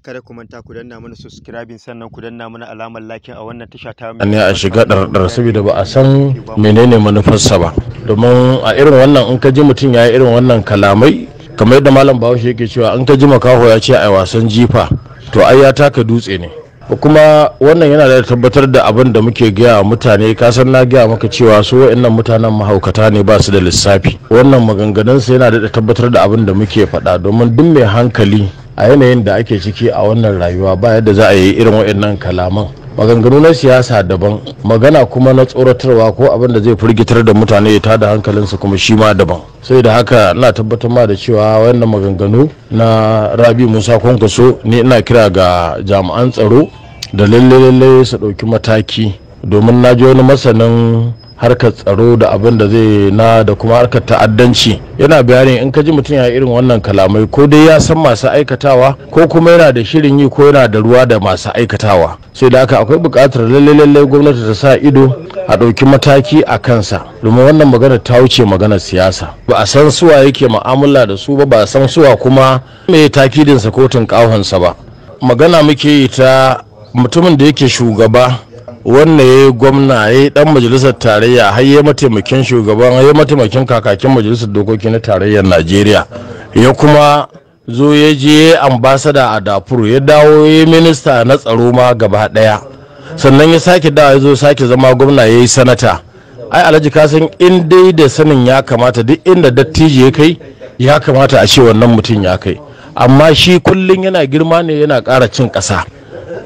kada ku manta ku danna mana subscribing sannan ku danna mana alamar like a wannan tasha ta ne a shiga ɗarɗar saboda ba a san menene manufarsa ba domin a irin wannan in ka ji mutum ya yi irin wannan kalamai kamar yadda malam bahaushe yake cewa an ka ji makaho ya ce a wasan jifa to ai ya taka dutse ne kuma wannan yana da tabbatar da abin da muke gaya wa mutane ka san na gaya maka cewa su wa'annan mutanen mahaukata ne ba su da lissafi wannan maganganunsa yana da tabbatar da abin da muke faɗa domin duk mai hankali a yanayin da ake ciki a wannan rayuwa ba yadda za a yi irin waɗannan kalaman maganganu na siyasa daban magana kuma na tsoratarwa ko abin da zai firgitar da mutane ya da hankalinsu kuma shi ma daban sai da haka na tabbatar ma da cewa wannan maganganu na rabi musa kwankwaso ne ina kira ga jami'an tsaro da lalle lalle su ɗauki mataki domin na ji wani masanin harkar tsaro da abin da zai na da kuma harkar ta'addanci yana bayani in ka ji mutum ya irin wannan kalamai ko dai ya san masu aikatawa ko kuma yana da shirin yi ko yana da ruwa da masu aikatawa sai da aka akwai buƙatar lalle lalle gwamnati ta sa ido a ɗauki mataki a kansa domin wannan magana ta wuce magana siyasa ba a san suwa yake mu'amala da su ba ba a san suwa kuma mai takidinsa kotun ƙahonsa ba magana muke yi ta mutumin da yake shugaba wannan ya yi gwamna ya yi dan majalisar tarayya har ya mataimakin shugaban ya mataimakin kakakin majalisar dokoki na tarayyar najeriya ya kuma zo ya je ambasada a dafuru ya dawo ya yi minista na tsaro ma gaba daya sannan ya sake dawa ya zo sake zama gwamna ya yi sanata ai alhaji kasan in dai da sanin ya kamata duk inda dattijo ya kai ya kamata a ce wannan mutum ya kai amma shi kullum yana girma ne yana ƙara cin ƙasa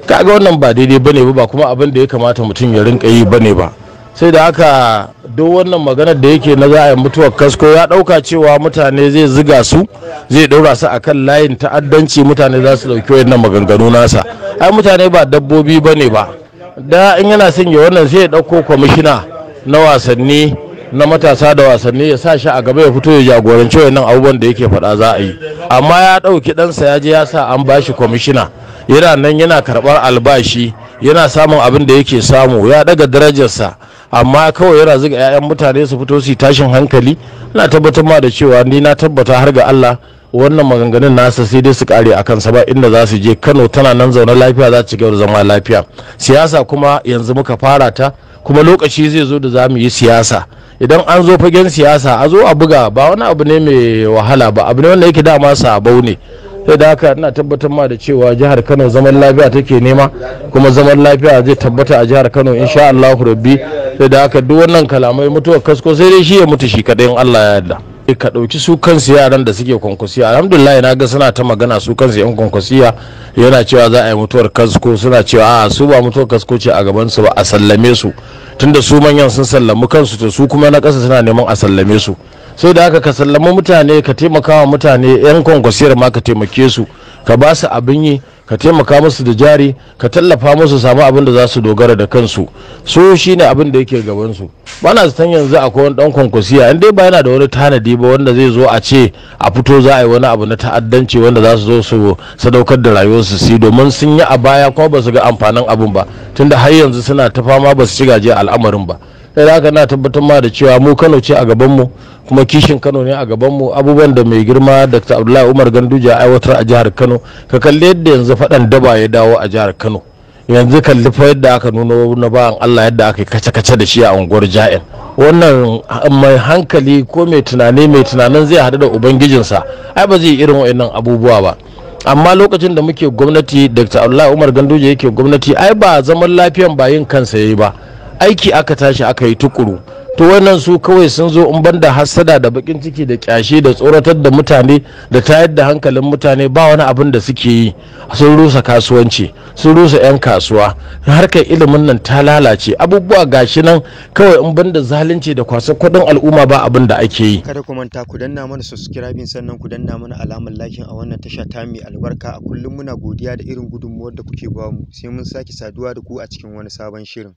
Ka ga wannan ba daidai bane ba kuma abin da ya kamata mutum ya rinka yi bane ba sai da haka duk wannan maganar da yake na za mutuwar kasko ya dauka cewa mutane zai ziga su zai daura su kan layin ta'addanci mutane za su dauki wannan maganganu nasa ai mutane ba dabbobi bane ba da in yana son ya wannan sai ya dauko kwamishina na wasanni na matasa da wasanni ya sa shi a gaba ya fito ya jagoranci wannan abubuwan da yake faɗa za a yi amma ya ɗauki ɗansa ya je ya sa an bashi kwamishina yana nan yana karɓar albashi yana samun abin da yake samu ya ɗaga darajarsa amma kawai yana zuga 'ya'yan mutane su fito su tashin hankali na tabbatar ma da cewa ni na tabbata har ga Allah wannan maganganun nasa sai dai su kare akan sa ba inda za su je Kano tana nan zaune lafiya za ci gaba da zama lafiya siyasa kuma yanzu muka fara ta kuma lokaci zai zo da za mu yi siyasa idan an zo fagen siyasa a zo a buga ba wani abu ne mai wahala ba abu ne wanda yake dama sabau ne sai da haka ina tabbatar ma da cewa jihar kano zaman lafiya take nema kuma zaman lafiya zai tabbata a jihar kano insha allahu rabbi sai da haka duk wannan kalamai mutuwar kasko sai dai shi ya mutu shi kadai in allah ya yarda Eh, ka ɗauki su kansu yaran da suke kwankwasiya alhamdulillah na ga suna ta magana su kansu yan kwankwasiya yana cewa za a yi mutuwar kasko suna cewa a su ba mutuwar kasko ce a gaban su ba a sallame su tunda su manyan sun sallami kansu to su kuma na ƙasa suna neman a sallame su sai da haka ka sallama mutane ka taimaka wa mutane yan kwankwasiyar ma ka taimake su ka ba su abin yi ka taimaka musu da jari ka tallafa musu samu abin da za su dogara da kansu so ne abin da yake gabansu ba na zaton yanzu akwai wani dan kwankwasiya in dai ba yana da wani tanadi ba wanda zai zo a ce a fito za a yi wani abu na ta'addanci wanda za su zo su sadaukar da rayuwarsu su domin sun yi a baya kuma ba su ga amfanin abin ba tunda har yanzu suna ta fama ba su ci gaje al'amarin ba sai da aka na tabbatar ma da cewa mu kano ce a gabanmu kuma kishin kano ne a gabanmu abubuwan da mai girma dr abdullahi umar ganduja aiwatar a jihar kano ka kalli yadda yanzu faɗan daba ya dawo a jihar kano yanzu kalli fa yadda aka nuna na bayan allah yadda aka kace-kace da shi a unguwar ja'in wannan mai hankali ko mai tunani mai tunanin zai haɗu da ubangijinsa ai ba zai yi irin wa'annan abubuwa ba amma lokacin da muke gwamnati dr abdullahi umar ganduje yake gwamnati ai ba zaman lafiyan bayin kansa ya yi ba aiki aka tashi aka yi tukuru to wannan su kawai sun zo in banda hassada da bakin ciki da kyashe da tsoratar da mutane da tayar da hankalin mutane ba wani abin da suke yi sun rusa kasuwanci sun rusa 'yan kasuwa harkar ilimin nan ta lalace abubuwa gashi nan kawai in banda zalunci da kwasa kudin al'umma ba abin da ake yi kada ku manta ku danna mana subscribing sannan ku danna mana alamar lakin a wannan tasha ta mai albarka a kullum muna godiya da irin gudunmuwar da kuke bamu sai mun sake saduwa da ku a cikin wani sabon shirin